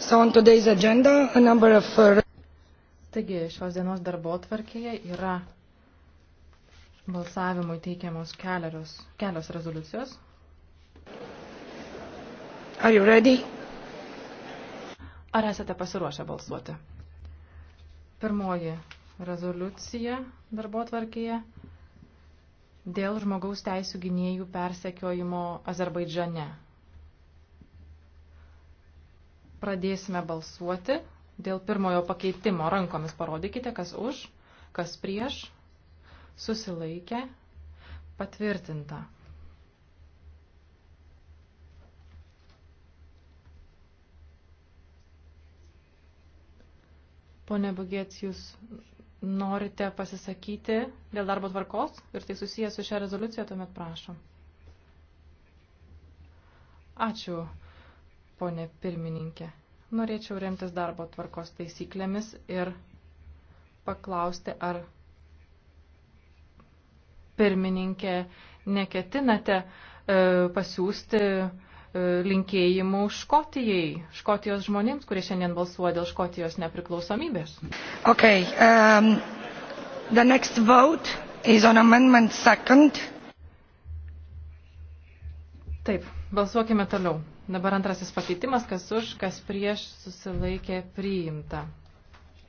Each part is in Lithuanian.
So on today's agenda, a number of... Uh, Taigi, šios dienos darbo tvarkėje yra balsavimui teikiamos kelios, kelios rezoliucijos. Are you ready? Ar esate pasiruošę balsuoti? Pirmoji rezoliucija darbo tvarkėje dėl žmogaus teisų gynėjų persekiojimo Azerbaidžane. Pradėsime balsuoti dėl pirmojo pakeitimo. Rankomis parodykite, kas už, kas prieš, susilaikę, patvirtinta. Pone Bugėts, jūs norite pasisakyti dėl darbo tvarkos ir tai susijęs su šią rezoliuciją, tuomet prašom. Ačiū ponė pirmininkė. Norėčiau remtis darbo tvarkos taisyklėmis ir paklausti, ar pirmininkė neketinate e, pasiūsti e, linkėjimų Škotijai, Škotijos žmonėms, kurie šiandien balsuoja dėl Škotijos nepriklausomybės. Okay, um, the next vote is on amendment second. Taip, balsuokime toliau. Dabar antrasis pakeitimas, kas už, kas prieš susilaikė priimta.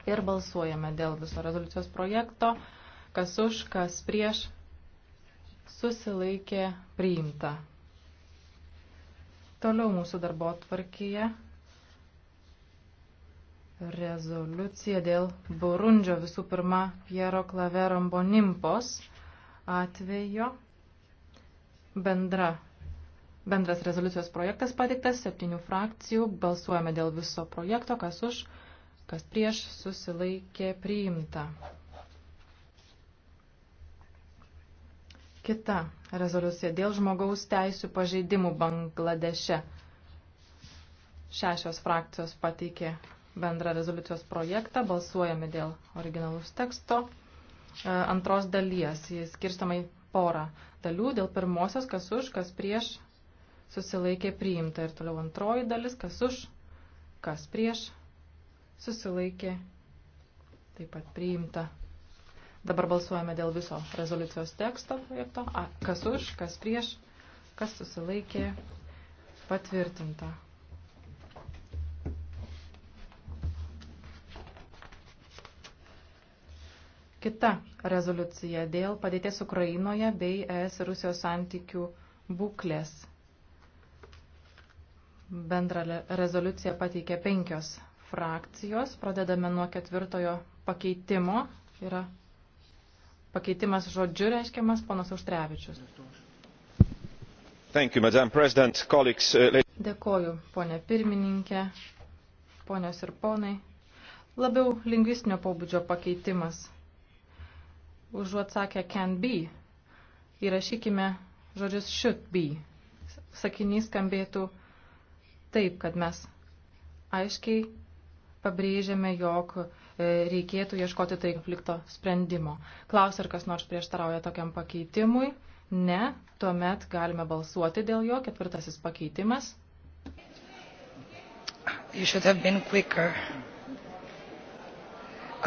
Ir balsuojame dėl viso rezoliucijos projekto, kas už, kas prieš susilaikė priimta. Toliau mūsų darbo tvarkyje rezoliucija dėl Burundžio visų pirma Piero Klaverombonimpos atvejo bendra Bendras rezoliucijos projektas pateiktas septynių frakcijų. Balsuojame dėl viso projekto, kas už, kas prieš susilaikė priimta. Kita rezoliucija dėl žmogaus teisų pažeidimų Bangladeše. Šešios frakcijos pateikė bendrą rezoliucijos projektą. Balsuojame dėl originalus teksto e, antros dalies. Jis skirstama į porą dalių. Dėl pirmosios, kas už, kas prieš susilaikė priimta. Ir toliau antroji dalis, kas už, kas prieš, susilaikė taip pat priimta. Dabar balsuojame dėl viso rezoliucijos teksto projekto. A, kas už, kas prieš, kas susilaikė, patvirtinta. Kita rezoliucija dėl padėties Ukrainoje bei ES ir Rusijos santykių būklės Bendrą rezoliuciją pateikė penkios frakcijos. Pradedame nuo ketvirtojo pakeitimo. Yra pakeitimas žodžiu reiškiamas ponas Auštrevičius. Thank you, Madam President, colleagues. Uh, Dėkoju, ponė pirmininkė, ponios ir ponai. Labiau lingvistinio pobūdžio pakeitimas. Užuot sakę can be, įrašykime žodžius should be. Sakinys skambėtų taip, kad mes aiškiai pabrėžiame, jog e, reikėtų ieškoti tai konflikto sprendimo. Klaus, ar kas nors prieštarauja tokiam pakeitimui? Ne, tuomet galime balsuoti dėl jo. Ketvirtasis pakeitimas. You should have been quicker.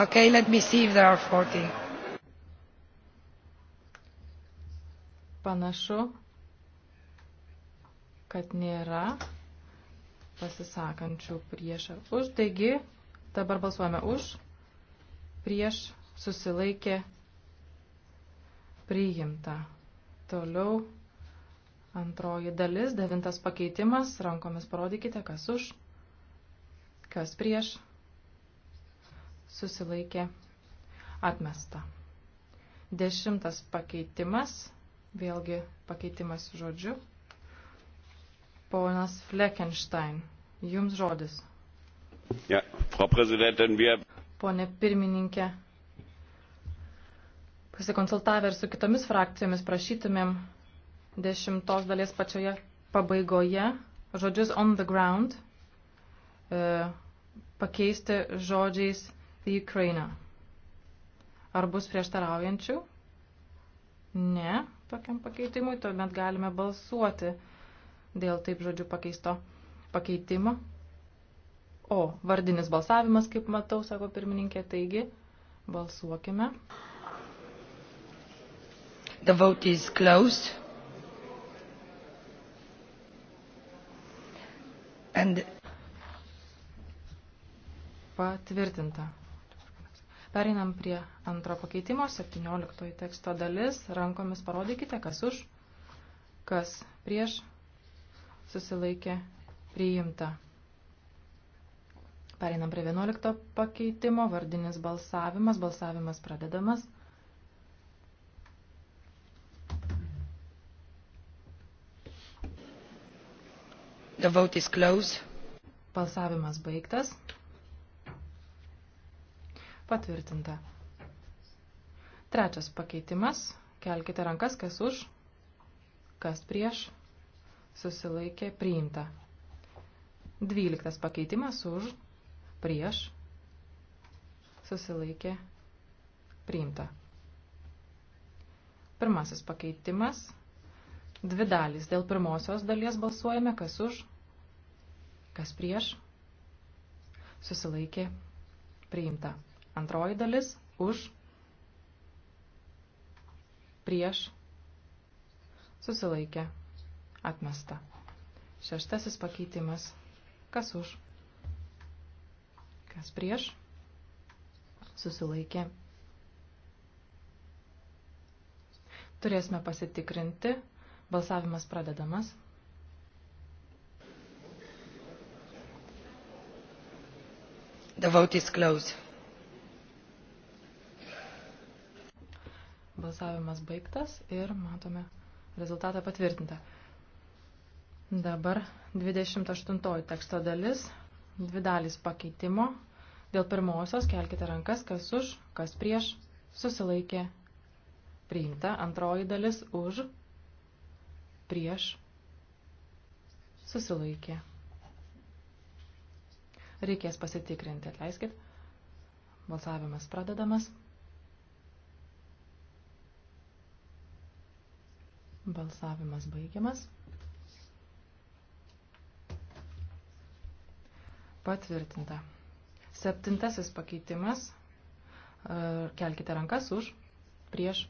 Okay, let me see if there are 40. Panašu, kad nėra pasisakančių prieš ar už. Taigi, dabar balsuojame už, prieš susilaikė priimta. Toliau antroji dalis, devintas pakeitimas, rankomis parodykite, kas už, kas prieš, susilaikė atmesta. Dešimtas pakeitimas, vėlgi pakeitimas žodžiu, Ponas Fleckenstein, jums žodis. Ja, Frau Präsidentin, wir. Pone pirmininkė, pasikonsultavę ir su kitomis frakcijomis prašytumėm dešimtos dalies pačioje pabaigoje žodžius on the ground e, pakeisti žodžiais the Ukraine. Ar bus prieštaraujančių? Ne, tokiam pakeitimui, tuomet galime balsuoti dėl taip žodžių pakeisto pakeitimo. O, vardinis balsavimas, kaip matau, sako pirmininkė, taigi balsuokime. The vote is closed. And... Patvirtinta. Pereinam prie antro pakeitimo, 17 teksto dalis. Rankomis parodykite, kas už, kas prieš, susilaikė priimta. Pereinam prie 11 pakeitimo, vardinis balsavimas, balsavimas pradedamas. The vote is closed. Balsavimas baigtas. Patvirtinta. Trečias pakeitimas. Kelkite rankas, kas už, kas prieš susilaikė priimta. Dvyliktas pakeitimas už, prieš, susilaikė priimta. Pirmasis pakeitimas, dvi dalys. Dėl pirmosios dalies balsuojame, kas už, kas prieš, susilaikė priimta. Antroji dalis, už, prieš, susilaikė Atmesta. Šeštasis pakeitimas. Kas už? Kas prieš? Susilaikė. Turėsime pasitikrinti. Balsavimas pradedamas. The vote is closed. Balsavimas baigtas ir matome rezultatą patvirtintą. Dabar 28 teksto dalis, dvi dalys pakeitimo. Dėl pirmosios kelkite rankas, kas už, kas prieš, susilaikė, priimta. Antroji dalis už, prieš, susilaikė. Reikės pasitikrinti, atleiskit. Balsavimas pradedamas. Balsavimas baigiamas. Patvirtinta. Septintasis pakeitimas. E, kelkite rankas už, prieš,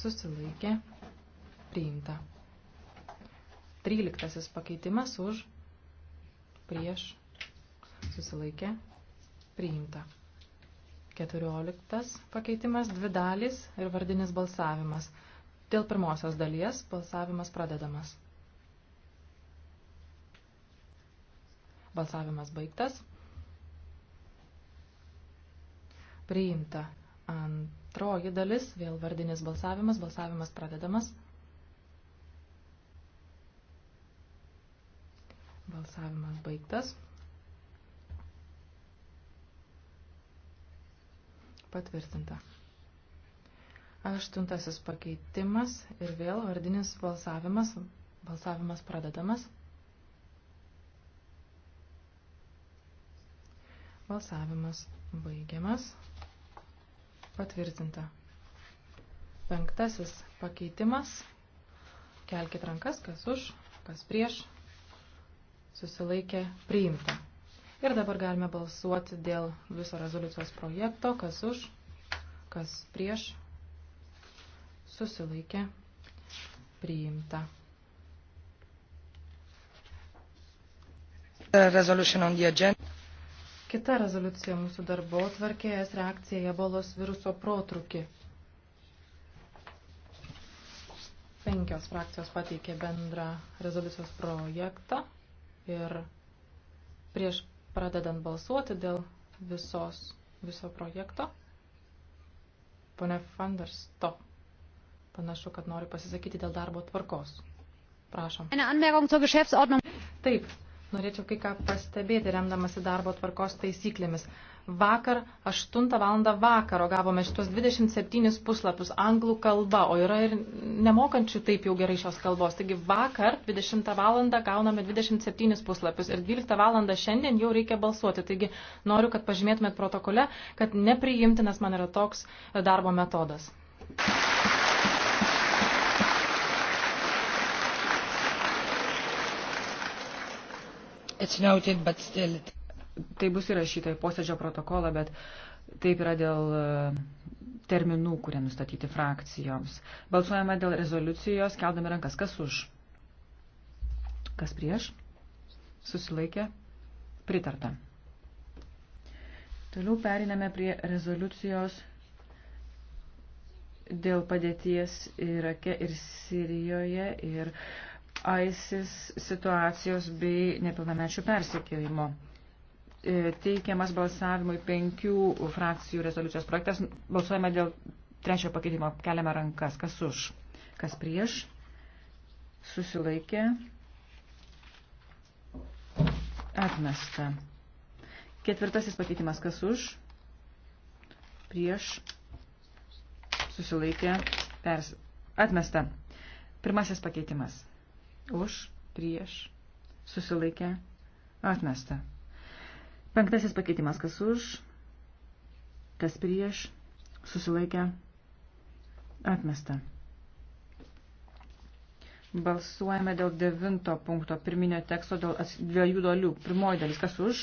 susilaikė, priimta. Tryliktasis pakeitimas už, prieš, susilaikė, priimta. Keturioliktas pakeitimas, dvi dalys ir vardinis balsavimas. Dėl pirmosios dalies balsavimas pradedamas. Balsavimas baigtas. Priimta. Antroji dalis, vėl vardinis balsavimas, balsavimas pradedamas. Balsavimas baigtas. Patvirtinta. Aštuntasis pakeitimas ir vėl vardinis balsavimas, balsavimas pradedamas. Balsavimas baigiamas. Patvirtinta. Penktasis pakeitimas. Kelkit rankas, kas už, kas prieš. Susilaikė priimta. Ir dabar galime balsuoti dėl viso rezoliucijos projekto, kas už, kas prieš. Susilaikė priimta. Resolution on the agenda. Kita rezoliucija mūsų darbo tvarkėjas reakcija į ebolos viruso protrukį. Penkios frakcijos pateikė bendrą rezoliucijos projektą ir prieš pradedant balsuoti dėl visos, viso projekto, pone Fandersto, panašu, kad nori pasisakyti dėl darbo tvarkos. Prašom. Taip, Norėčiau kai ką pastebėti, remdamasi darbo tvarkos taisyklėmis. Vakar 8 val. vakaro gavome šitos 27 puslapius anglų kalba, o yra ir nemokančių taip jau gerai šios kalbos. Taigi vakar 20 val. gauname 27 puslapius ir 12 val. šiandien jau reikia balsuoti. Taigi noriu, kad pažymėtumėt protokole, kad nepriimtinas man yra toks darbo metodas. Thank you. Noted, still... Tai bus įrašyta į posėdžio protokolą, bet taip yra dėl e, terminų, kurie nustatyti frakcijoms. Balsuojame dėl rezoliucijos, keldami rankas. Kas už? Kas prieš? Susilaikė? Pritarta. Toliau periname prie rezoliucijos dėl padėties Irake ir Sirijoje ir ISIS situacijos bei nepilnamečių persikėjimo. E, teikiamas balsavimui penkių frakcijų rezoliucijos projektas. Balsuojame dėl trečio pakeitimo. Keliame rankas. Kas už? Kas prieš? Susilaikė. Atmesta. Ketvirtasis pakeitimas. Kas už? Prieš? Susilaikė. Pers. Atmesta. Pirmasis pakeitimas už, prieš, susilaikę, atmesta. Penktasis pakeitimas, kas už, kas prieš, susilaikę, atmesta. Balsuojame dėl devinto punkto pirminio teksto dėl dviejų dalių. Pirmoji dalis, kas už,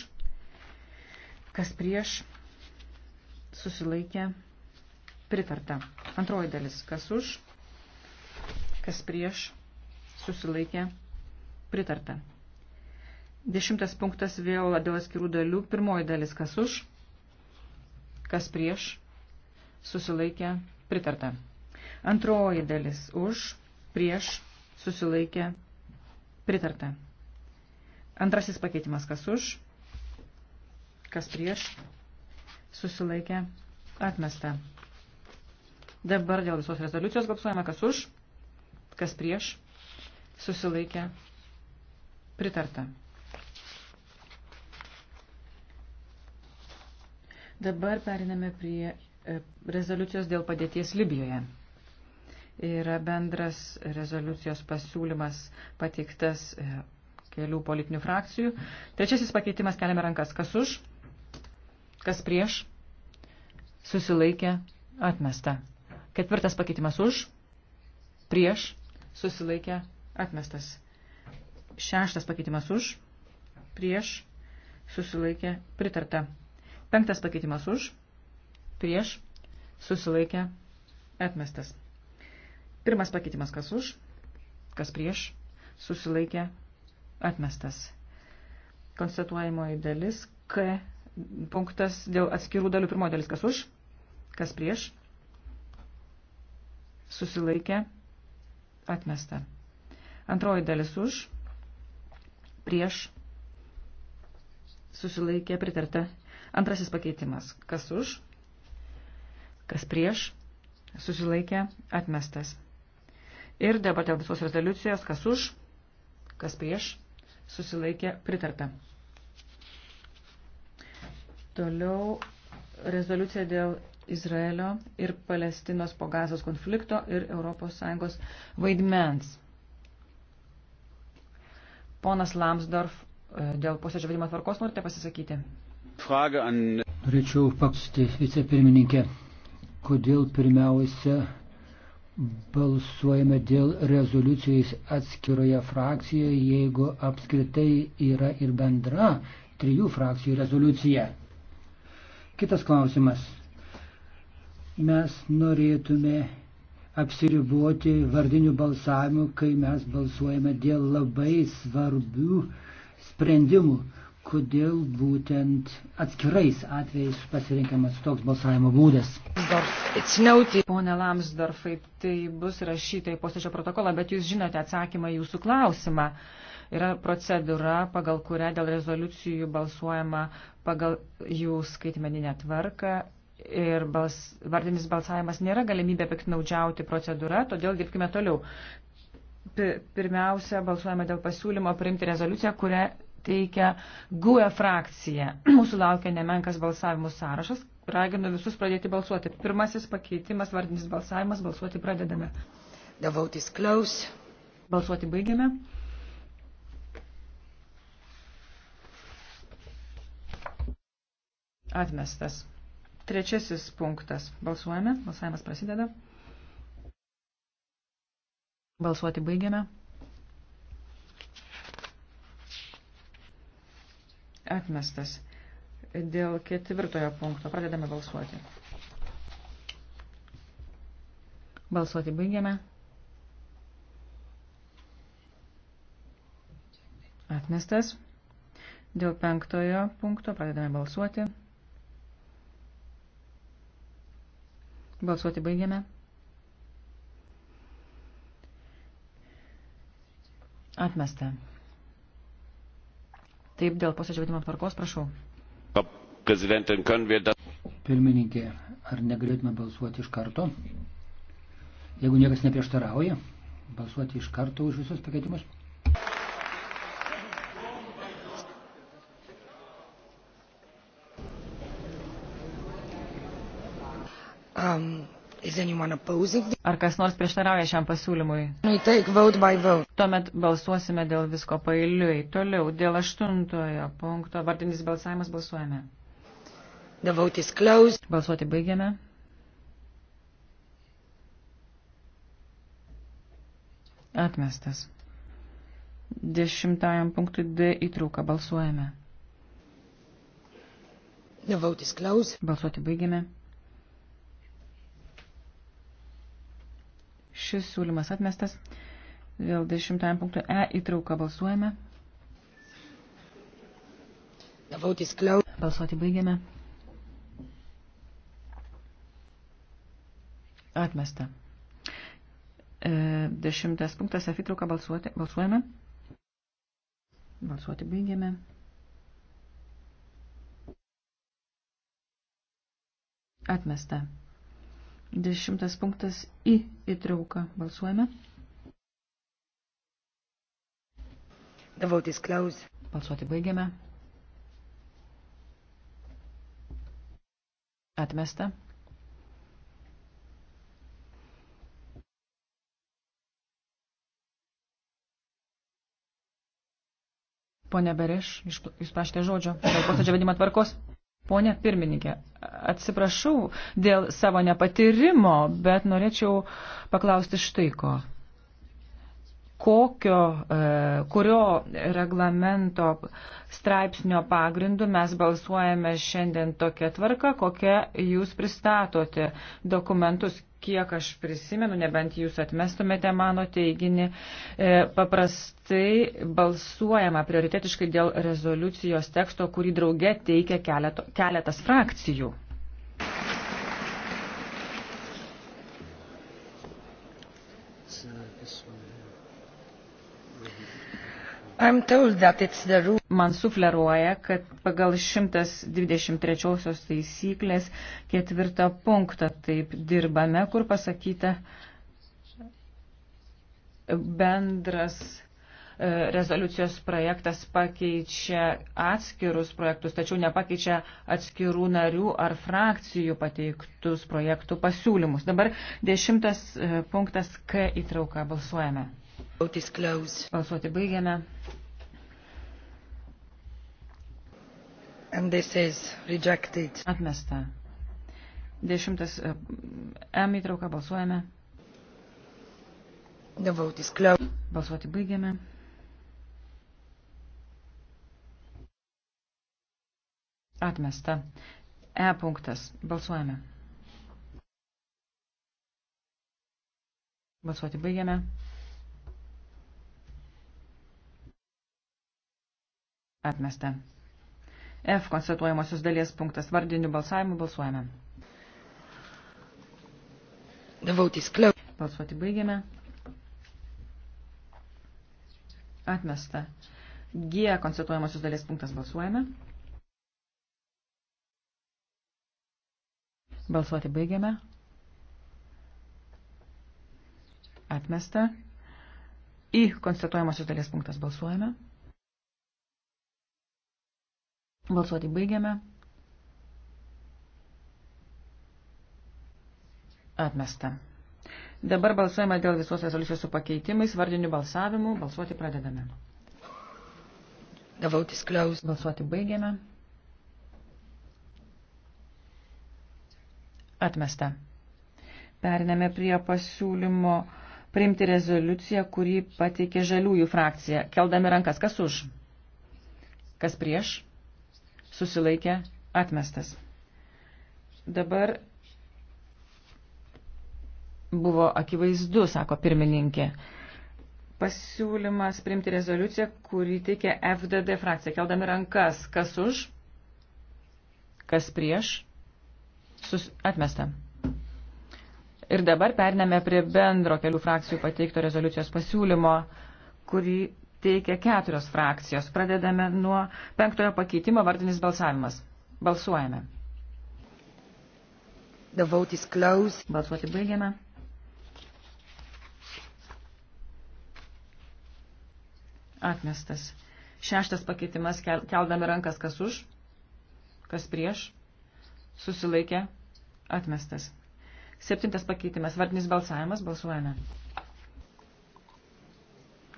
kas prieš, susilaikė, pritarta. Antroji dalis, kas už, kas prieš, susilaikė pritarta. Dešimtas punktas vėl dėl atskirų dalių. Pirmoji dalis kas už, kas prieš, susilaikė pritarta. Antroji dalis už, prieš, susilaikė pritarta. Antrasis pakeitimas kas už, kas prieš, susilaikė atmesta. Dabar dėl visos rezoliucijos balsuojame kas už, kas prieš, susilaikė pritarta. Dabar periname prie e, rezoliucijos dėl padėties Libijoje. Yra bendras rezoliucijos pasiūlymas pateiktas e, kelių politinių frakcijų. Trečiasis pakeitimas keliame rankas. Kas už? Kas prieš? Susilaikė. Atmesta. Ketvirtas pakeitimas už? Prieš? Susilaikė. Atmestas. Šeštas pakeitimas už, prieš, susilaikė, pritarta. Penktas pakeitimas už, prieš, susilaikė, atmestas. Pirmas pakeitimas kas už, kas prieš, susilaikė, atmestas. Konstatuojamoji dalis K punktas dėl atskirų dalių. Pirmoji dalis kas už, kas prieš, susilaikė, atmesta. Antroji dalis už, prieš, susilaikė pritarta. Antrasis pakeitimas. Kas už, kas prieš, susilaikė atmestas. Ir dabar dėl visos rezoliucijos, kas už, kas prieš, susilaikė pritarta. Toliau rezoliucija dėl Izraelio ir Palestinos po gazos konflikto ir ES vaidmens. Ponas Lamsdorf, e, dėl posėdžio vadimo tvarkos norite pasisakyti? An... Norėčiau paklausti vicepirmininkę, kodėl pirmiausia balsuojame dėl rezoliucijos atskiroje frakcijoje, jeigu apskritai yra ir bendra trijų frakcijų rezoliucija. Kitas klausimas. Mes norėtume apsiriboti vardiniu balsavimu, kai mes balsuojame dėl labai svarbių sprendimų. Kodėl būtent atskirais atvejais pasirinkamas toks balsavimo būdas? Pone Lamsdorfai, tai bus rašyta į posėdžio protokolą, bet jūs žinote atsakymą jūsų klausimą. Yra procedūra, pagal kurią dėl rezoliucijų balsuojama pagal jų skaitmeninę tvarką ir bals, vardinis balsavimas nėra galimybė piktnaudžiauti procedūrą, todėl dirbkime toliau. Pirmiausia, balsuojame dėl pasiūlymo priimti rezoliuciją, kurią teikia GUE frakcija. Mūsų laukia nemenkas balsavimų sąrašas. Raginu visus pradėti balsuoti. Pirmasis pakeitimas, vardinis balsavimas, balsuoti pradedame. The vote is close. Balsuoti baigiame. Atmestas. Trečiasis punktas. Balsuojame. Balsavimas prasideda. Balsuoti baigiame. Atmestas. Dėl ketvirtojo punkto pradedame balsuoti. Balsuoti baigiame. Atmestas. Dėl penktojo punkto pradedame balsuoti. Balsuoti baigiame. Atmesta. Taip, dėl posėdžio vedimo tvarkos, prašau. Pirmininkė, ar negalėtume balsuoti iš karto? Jeigu niekas neprieštarauja, balsuoti iš karto už visus pakeitimus. Ar kas nors prieštarauja šiam pasiūlymui? Vote vote. Tuomet balsuosime dėl visko pailiui. Toliau, dėl aštuntojo punkto vardinis balsavimas balsuojame. Balsuoti baigiame. Atmestas. Dešimtajam punktui D įtrauka balsuojame. Balsuoti baigiame. Šis siūlymas atmestas. Dėl 10 punktų E įtrauką balsuojame. Balsuoti baigiame. Atmesta. E, dešimtas punktas F įtrauką balsuoti. Balsuojame. Balsuoti baigiame. Atmesta. Dešimtas punktas į įtrauką. Balsuojame. The vote is closed. Balsuoti baigiame. Atmesta. Pone Bereš, jūs prašėte žodžio. Dėl posėdžio vedimo tvarkos. Pone pirmininkė, atsiprašau dėl savo nepatyrimo, bet norėčiau paklausti štai ko. Kokio, e, kurio reglamento straipsnio pagrindu mes balsuojame šiandien tokia tvarka, kokią jūs pristatote dokumentus, kiek aš prisimenu, nebent jūs atmestumėte mano teiginį, e, paprastai balsuojama prioritetiškai dėl rezoliucijos teksto, kurį drauge teikia keleto, keletas frakcijų. So uh, this one. Man sufleruoja, kad pagal 123 taisyklės ketvirtą punktą taip dirbame, kur pasakyta bendras e, rezoliucijos projektas pakeičia atskirus projektus, tačiau nepakeičia atskirų narių ar frakcijų pateiktus projektų pasiūlymus. Dabar dešimtas e, punktas K įtrauka. Balsuojame. Balsuoti baigiame. Atmesta. Dešimtas e, M įtrauka balsuojame. Balsuoti baigiame. Atmesta. E punktas. Balsuojame. Balsuoti baigiame. Atmesta. F konstatuojamosios dalies punktas vardiniu balsavimu balsuojame. Balsuoti baigiame. Atmesta. G konstatuojamosios dalies punktas balsuojame. Balsuoti baigiame. Atmesta. Į konstatuojamosios dalies punktas balsuojame. Balsuoti baigiame. Atmesta. Dabar balsuojame dėl visos rezoliucijos su pakeitimais, vardiniu balsavimu. Balsuoti pradedame. Gavautis klaus. Balsuoti baigiame. Atmesta. Periname prie pasiūlymo priimti rezoliuciją, kurį pateikė žaliųjų frakcija. Keldami rankas, kas už? Kas prieš? susilaikė atmestas. Dabar buvo akivaizdu, sako pirmininkė, pasiūlymas priimti rezoliuciją, kurį teikia FDD frakcija, keldami rankas, kas už, kas prieš, sus, atmesta. Ir dabar pername prie bendro kelių frakcijų pateikto rezoliucijos pasiūlymo, kurį teikia keturios frakcijos. Pradedame nuo penktojo pakeitimo vardinis balsavimas. Balsuojame. The vote is closed. Balsuoti baigiame. Atmestas. Šeštas pakeitimas, keldami rankas, kas už, kas prieš, susilaikė, atmestas. Septintas pakeitimas, vardinis balsavimas, balsuojame.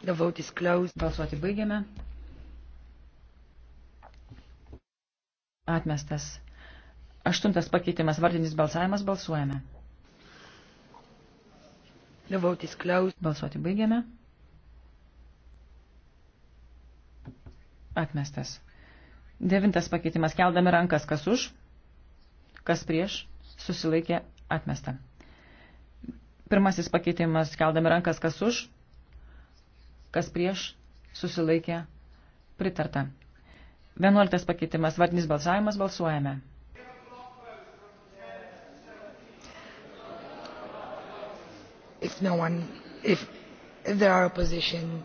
The vote is closed. Balsuoti baigiame. Atmestas. Aštuntas pakeitimas vardinis balsavimas. Balsuojame. The vote is closed. Balsuoti baigiame. Atmestas. Devintas pakeitimas. Keldami rankas. Kas už? Kas prieš? Susilaikė. Atmesta. Pirmasis pakeitimas. Keldami rankas. Kas už? kas prieš, susilaikė, pritarta. Vienuoliktas pakeitimas, vardinis balsavimas, balsuojame. If no one, if, if there are opposition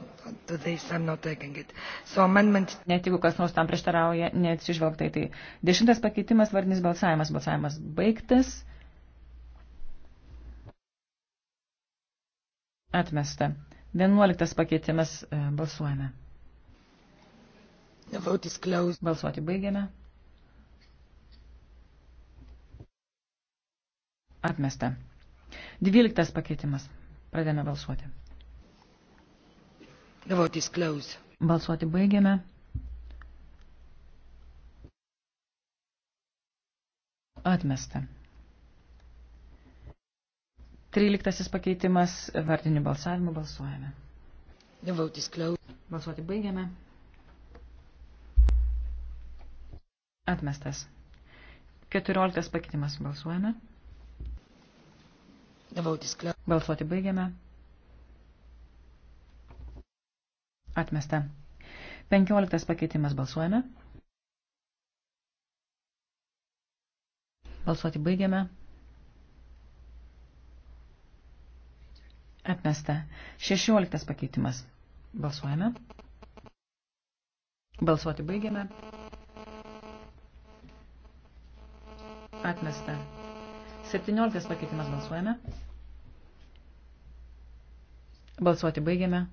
to this, I'm not taking it. So amendment... Net jeigu kas nors tam prieštarauja, neatsižvelgtai tai. Dešimtas pakeitimas, vardinis balsavimas, balsavimas baigtas. Atmesta. Vienuoliktas pakeitimas e, balsuojame. Balsuoti baigiame. Atmesta. Dvyliktas pakeitimas. Pradėme balsuoti. Balsuoti baigiame. Atmesta. 13 pakeitimas vardiniu balsavimu balsuojame. Balsuoti baigiame. Atmestas. 14 pakeitimas balsuojame. Balsuoti baigiame. Atmesta. 15 pakeitimas balsuojame. Balsuoti baigiame. Atmesta. 16 pakeitimas. Balsuojame. Balsuoti baigiame. Atmesta. 17 pakeitimas balsuojame. Balsuoti baigiame.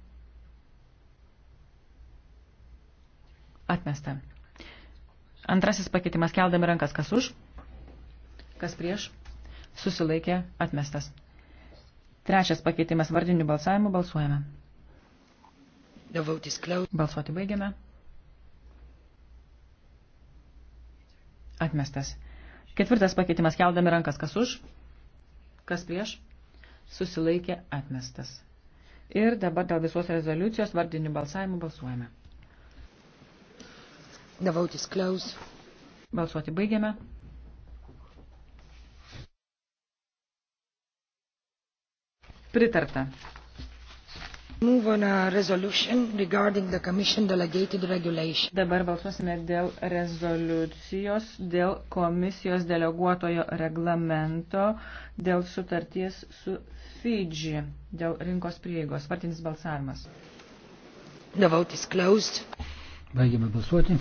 Atmesta. Antrasis pakeitimas keldami rankas kas už, kas prieš, susilaikė atmestas. Trečias pakeitimas vardiniu balsavimu balsuojame. Balsuoti baigiame. Atmestas. Ketvirtas pakeitimas keldami rankas kas už, kas prieš, susilaikė atmestas. Ir dabar dėl visos rezoliucijos vardinių balsavimų balsuojame. Balsuoti baigiame. Pritarta. Dabar balsuosime dėl rezoliucijos, dėl komisijos deleguotojo reglamento, dėl sutarties su Fidži, dėl rinkos prieigos. Partinis balsavimas. The vote is closed. Baigiame balsuoti.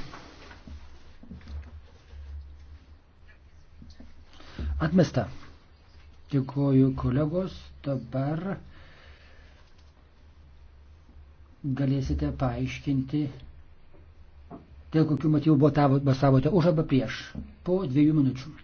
Atmesta. Dėkuoju kolegos, dabar galėsite paaiškinti, dėl kokių motyvų balsavote už arba prieš po dviejų minučių.